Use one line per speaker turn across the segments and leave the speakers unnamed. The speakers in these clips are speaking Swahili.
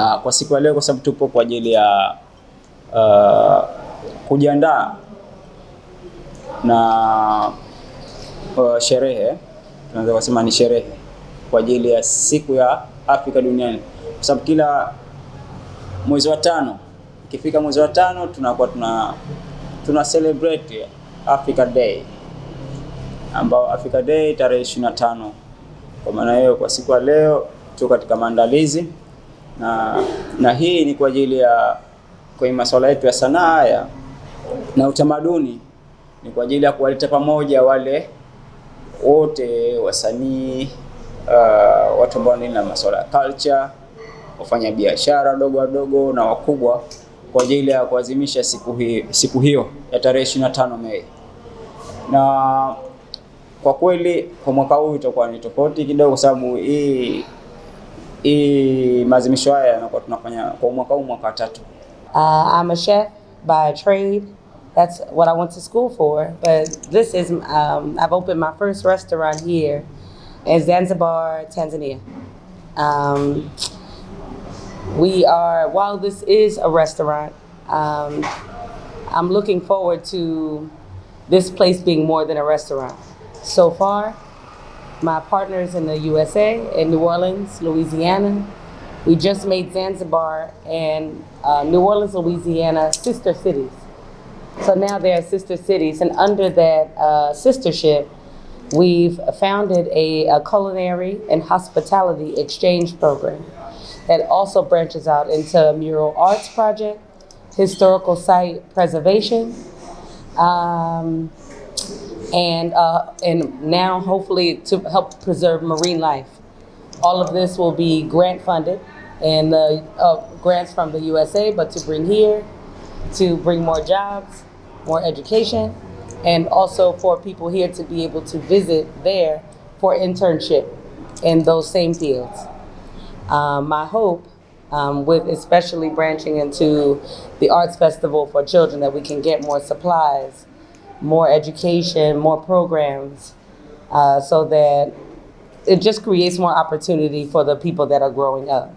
na ah, kwa siku ya leo, kwa sababu tupo kwa ajili ya uh, kujiandaa na uh, sherehe, tunaweza kusema ni sherehe kwa ajili ya siku ya Afrika duniani, kwa sababu kila mwezi wa tano ikifika mwezi wa tano tunakuwa tuna tuna celebrate Africa Day, ambao Africa Day tarehe 25. Kwa maana hiyo, kwa siku ya leo tuko katika maandalizi na, na hii ni kwa ajili ya kwenye masuala yetu ya sanaa haya na utamaduni, ni kwa ajili ya kuwaleta pamoja wale wote wasanii, uh, watu ambao na masuala ya culture, wafanya biashara wadogo wadogo na wakubwa kwa ajili ya kuadhimisha siku hii, siku hiyo ya tarehe 25 Mei. Na kwa kweli kwa mwaka huu itakuwa ni tofauti kidogo, kwa sababu hii hii maadhimisho haya yanakuwa tunafanya kwa mwaka huu mwaka tatu.
Uh, I'm a chef by trade. That's what I went to school for, but this is um, I've opened my first restaurant here in Zanzibar, Tanzania. Um, we are while this is a restaurant, um, I'm looking forward to this place being more than a restaurant. So far, my partners in the USA, in New Orleans, Louisiana. We just made Zanzibar and uh, New Orleans, Louisiana, sister cities. So now they are sister cities, and under that uh, sistership, we've founded a, a culinary and hospitality exchange program that also branches out into mural arts project, historical site preservation, um, and uh, and now hopefully to help preserve marine life. All of this will be grant funded and uh, grants from the USA, but to bring here, to bring more jobs, more education, and also for people here to be able to visit there for internship in those same fields. Um, my hope um, with especially branching into the arts festival for children that we can get more supplies more education, more programs, uh, so that it just creates more opportunity for the people that are growing up.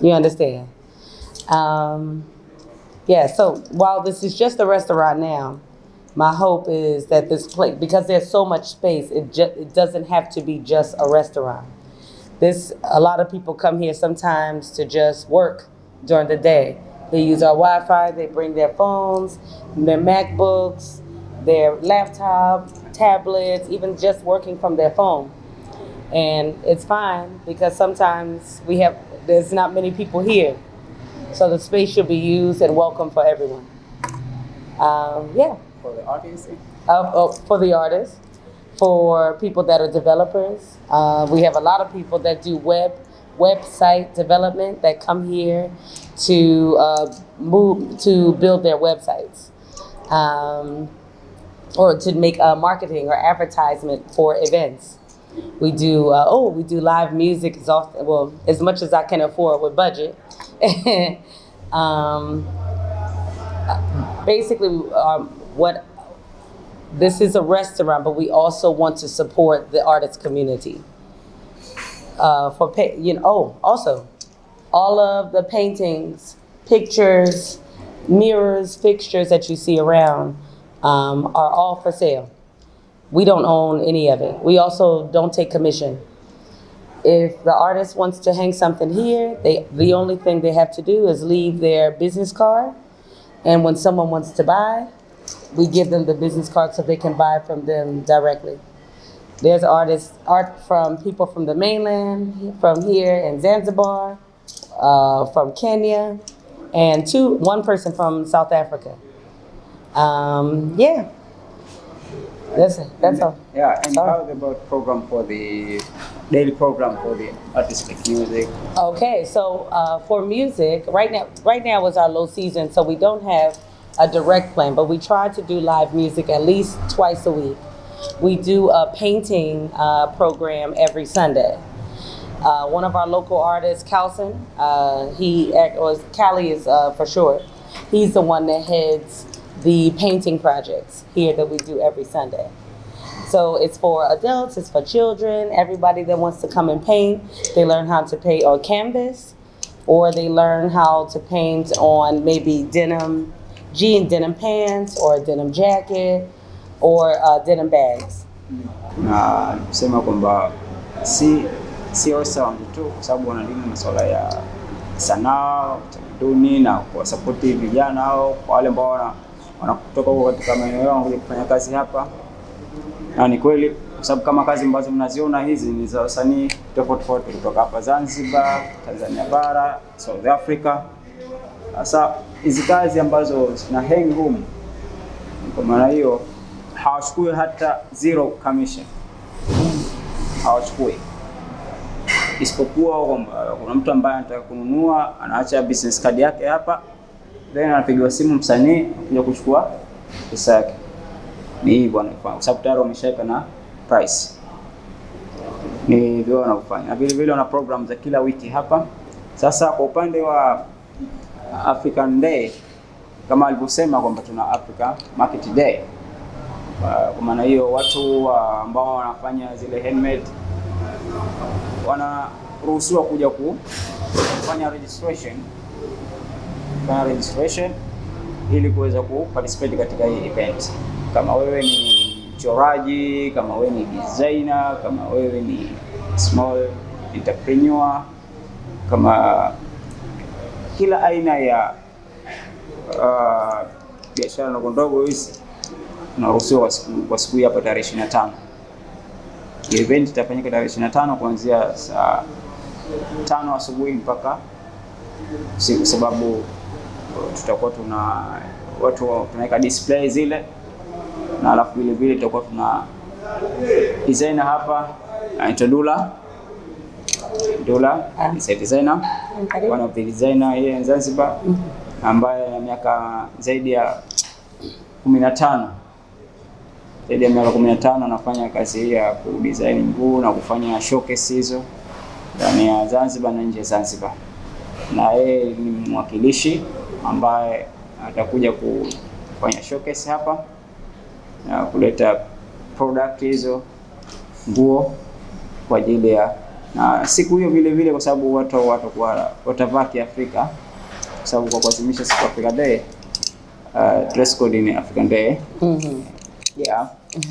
You understand? Um, yeah, so while this is just a restaurant now, my hope is that this place, because there's so much space, it, ju- it doesn't have to be just a restaurant. This, a lot of people come here sometimes to just work during the day. They use our Wi Fi, they bring their phones, their MacBooks, their laptop, tablets, even just working from their phone. And it's fine because sometimes we have, there's not many people here. So the space should be used and welcome for everyone. Um, yeah.
For the artists?
Uh, eh? oh, for the artists, for people that are developers. Uh, we have a lot of people that do web website development that come here to uh, move to build their websites. Um, or to make a uh, marketing or advertisement for events. We do uh, oh we do live music as often well as much as I can afford with budget. um, basically, um, what this is a restaurant, but we also want to support the artist community. Uh, for pay, you know, oh, also, all of the paintings, pictures, mirrors, fixtures that you see around um, are all for sale. We don't own any of it. We also don't take commission. If the artist wants to hang something here, they, the only thing they have to do is leave their business card. And when someone wants to buy, we give them the business card so they can buy from them directly. There's artists, art from people from the mainland, from here in Zanzibar, uh, from Kenya, and two, one person from South Africa. Um, yeah. That's it. That's all.
Yeah, and Sorry. how about program for the daily program for the artistic music?
Okay, so uh, for music, right now, right now is our low season, so we don't have a direct plan, but we try to do live music at least twice a week. We do a painting uh, program every Sunday. Uh, one of our local artists, Calson, uh, he was Cali is uh, for sure. He's the one that heads the painting projects here that we do every Sunday. So it's for adults, it's for children, everybody that wants to come and paint. They learn how to paint on canvas or they learn how to paint on maybe denim, jean denim pants or a denim jacket or uh, denim bags.
Na ah, kusema kwamba si sio sound tu kwa sababu wanalimu masuala ya sanaa, utamaduni na kuwasapoti vijana au kwa wale ambao wanakutoka huko katika maeneo yao kuja kufanya kazi hapa, na ni kweli, kwa sababu kama kazi ambazo mnaziona hizi ni za wasanii tofauti tofauti kutoka hapa Zanzibar, Tanzania bara, South Africa. Sasa hizi kazi ambazo zina hang room, kwa maana hiyo hawachukui hata zero commission, hawachukui isipokuwa, kwamba kuna mtu ambaye anataka kununua, anaacha business card yake hapa then anapigiwa simu msanii kuja kuchukua pesa yake. Ni hivyo wanafanya kwa sababu tayari wameshaweka na price. Ni hivyo wanafanya, na vile vile wana program za kila wiki hapa. Sasa kwa upande wa African Day kama alivyosema kwamba tuna Africa Market Day. Ah, kwa maana hiyo watu ambao wanafanya zile handmade wanaruhusiwa kuja kufanya registration kufanya registration ili kuweza kuparticipate katika hii event. Kama wewe ni mchoraji, kama wewe ni designer, kama wewe ni small entrepreneur, kama kila aina ya uh, biashara ndogo ndogo hizi tunaruhusiwa kwa siku kwa siku hii hapa tarehe 25. Event itafanyika tarehe 25 kuanzia saa tano asubuhi mpaka usiku, sababu tutakuwa tuna watu tunaweka display zile, na alafu vile vile tutakuwa tuna designer hapa anaitwa Dula Dula is a designer, one of the designer here in Zanzibar ambaye na miaka zaidi ya 15 zaidi ya miaka 15 anafanya kazi hii ya kudesign nguo na kufanya showcase hizo ndani ya Zanzibar na nje ya Zanzibar, na yeye ni mwakilishi ambaye atakuja kufanya showcase hapa na kuleta product hizo nguo kwa ajili ya na siku hiyo vile vile, kwa sababu watu watakuwa watavaa Kiafrika kwa sababu kwa kuadhimisha siku Africa Day, uh, dress code ni African Day. mm -hmm. yeah. mm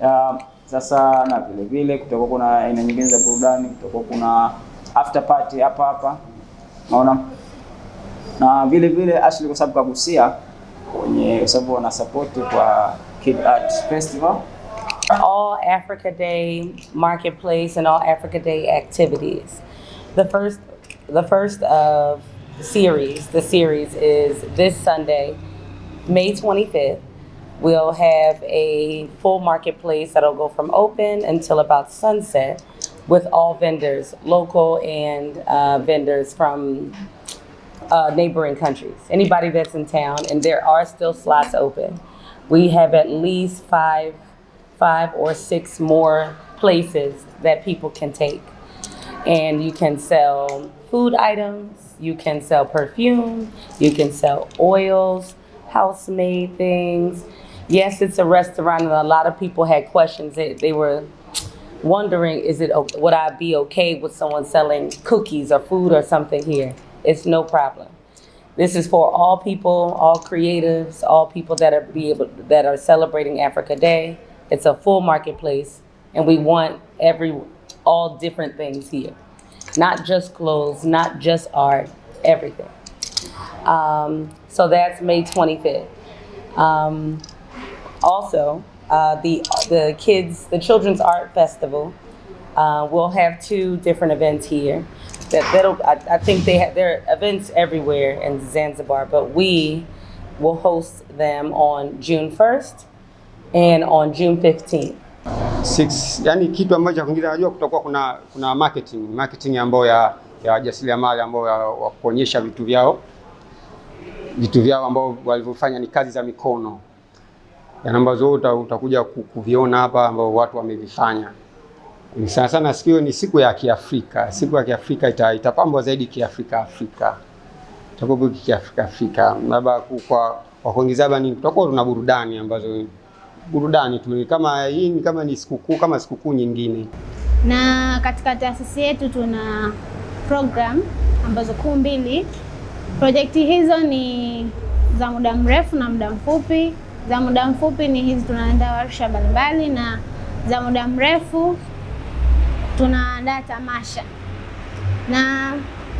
-hmm. uh, sasa na vile vile kutakuwa kuna aina nyingine za burudani, kutakuwa kuna after party hapa hapa, naona na vile vile Ashley, kwa sababu kwenye, sababu wana support kwa Kid Art Festival,
All Africa Day marketplace and All Africa Day activities. The first the first of series, the series is this Sunday, May 25th. We'll have a full marketplace that'll go from open until about sunset with all vendors, local and uh, vendors from uh, neighboring countries. Anybody that's in town, and there are still slots open. We have at least five, five or six more places that people can take, and you can sell food items, you can sell perfume, you can sell oils, house-made things. Yes, it's a restaurant, and a lot of people had questions. They, they were wondering, is it would I be okay with someone selling cookies or food or something here? It's no problem. This is for all people, all creatives, all people that are be able that are celebrating Africa Day. It's a full marketplace, and we want every all different things here, not just clothes, not just art, everything. Um, so that's May 25th. Um, also, uh, the the kids, the Children's Art Festival. Uh, we'll have two different events here. that that'll I, I think they have their events everywhere in Zanzibar, but we will host them on June 1st and on June 15th.
Six, yani kitu ambacho najua kutakuwa kuna kuna marketing marketing ambayo ya ya jasiriamali ambayo ya kuonyesha vitu vyao vitu vyao ambao walivyofanya ni kazi za mikono, ambazo utakuja kuviona hapa ambao watu wamevifanya ni sana sana siku hiyo ni siku ya Kiafrika. Siku ya Kiafrika ita, itapambwa zaidi Kiafrika Afrika, tutakuwa Kiafrika Afrika labda kwa kwa kuongeza bani, tutakuwa tuna burudani ambazo burudani tu kama hii ni kama ni sikukuu kama sikukuu nyingine.
Na katika taasisi yetu tuna program ambazo kuu mbili. Projekti hizo ni za muda mrefu na muda mfupi. Za muda mfupi ni hizi tunaandaa warsha mbalimbali, na za muda mrefu tunaandaa tamasha na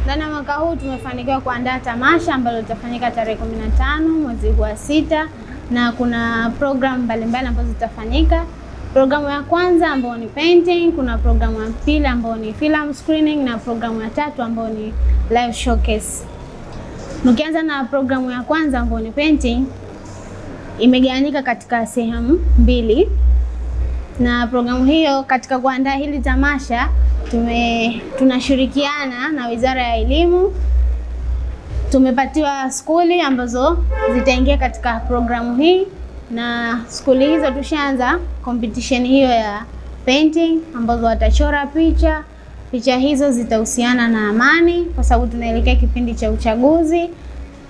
ndani ya mwaka huu tumefanikiwa kuandaa tamasha ambalo litafanyika tarehe kumi na tano mwezi huu wa sita, na kuna programu mbalimbali ambazo zitafanyika. Programu ya kwanza ambayo ni painting, kuna programu ya pili ambayo ni film screening na programu ya tatu ambayo ni live showcase. Nikianza na programu ya kwanza ambayo ni painting, imegawanyika katika sehemu mbili na programu hiyo. Katika kuandaa hili tamasha tume, tunashirikiana na Wizara ya Elimu. Tumepatiwa skuli ambazo zitaingia katika programu hii na skuli hizo tushaanza competition hiyo ya painting ambazo watachora picha. Picha hizo zitahusiana na amani, kwa sababu tunaelekea kipindi cha uchaguzi.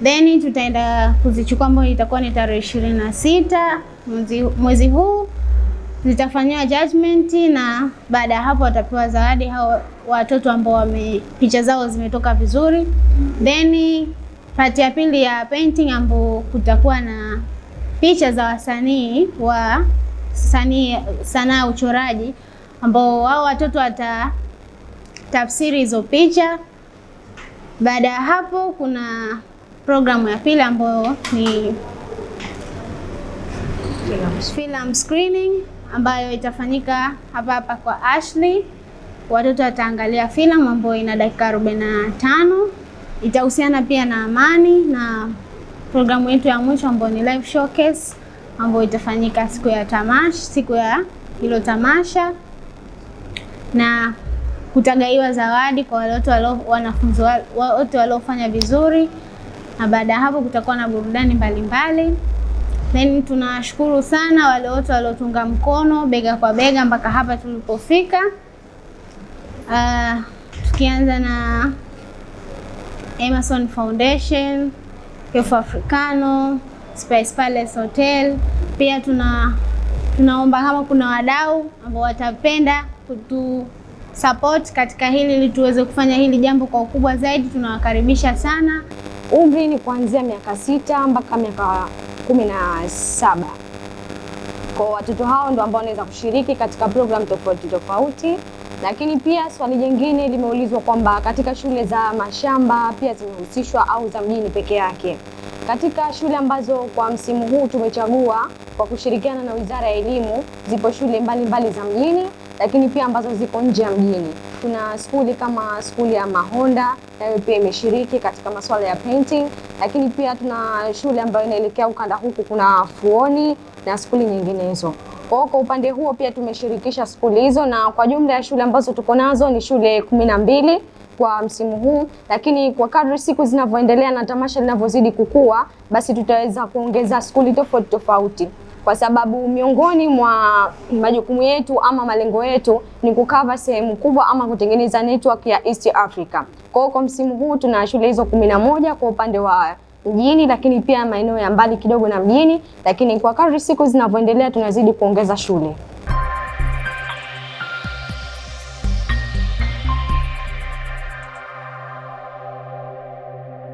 Then tutaenda kuzichukua ambayo itakuwa ni tarehe ishirini na sita mwezi huu zitafanyiwa judgment na baada ya hapo watapewa zawadi hao watoto ambao wame picha zao zimetoka vizuri. Then part ya pili ya painting ambao kutakuwa na picha za wasanii wa sanii sanaa ya uchoraji ambao wao watoto wata tafsiri hizo picha. Baada ya hapo kuna programu ya pili ambayo ni film screening ambayo itafanyika hapa hapa kwa Ashley. Watoto wataangalia filamu ambayo ina dakika 45, na tano itahusiana pia na amani na programu yetu ya mwisho ambayo ni live showcase ambayo itafanyika siku ya tamasha, siku ya hilo tamasha, na kutagaiwa zawadi kwa wale wanafunzi wote waliofanya vizuri, na baada ya hapo kutakuwa na burudani mbalimbali mbali. Then tunawashukuru sana wale wote waliotunga mkono bega kwa bega mpaka hapa tulipofika. Uh, tukianza na Emerson Foundation, Kefu Africano, Spice Palace Hotel. Pia tuna tunaomba kama kuna wadau ambao watapenda kutu support katika hili ili tuweze kufanya hili jambo kwa ukubwa zaidi, tunawakaribisha sana.
Umri ni kuanzia miaka sita mpaka miaka kumi na saba. Kwa watoto hao ndio ambao wanaweza kushiriki katika programu tofauti tofauti. Lakini pia swali jingine limeulizwa kwamba katika shule za mashamba pia zimehusishwa au za mjini peke yake? Katika shule ambazo kwa msimu huu tumechagua kwa kushirikiana na Wizara ya Elimu, zipo shule mbalimbali mbali za mjini, lakini pia ambazo ziko nje ya mjini. Tuna skuli kama skuli ya Mahonda nayo pia imeshiriki katika masuala ya painting, lakini pia tuna shule ambayo inaelekea ukanda huku, kuna Fuoni na skuli nyinginezo. Kwa kwa upande huo pia tumeshirikisha skuli hizo, na kwa jumla ya shule ambazo tuko nazo ni shule kumi na mbili kwa msimu huu, lakini kwa kadri siku zinavyoendelea na tamasha linavyozidi kukua, basi tutaweza kuongeza skuli tofauti tofauti kwa sababu miongoni mwa majukumu yetu ama malengo yetu ni kukava sehemu kubwa ama kutengeneza network ya East Africa. Kwa hiyo kwa msimu huu tuna shule hizo kumi na moja kwa upande wa mjini, lakini pia maeneo ya mbali kidogo na mjini, lakini kwa kadri siku zinavyoendelea tunazidi kuongeza shule.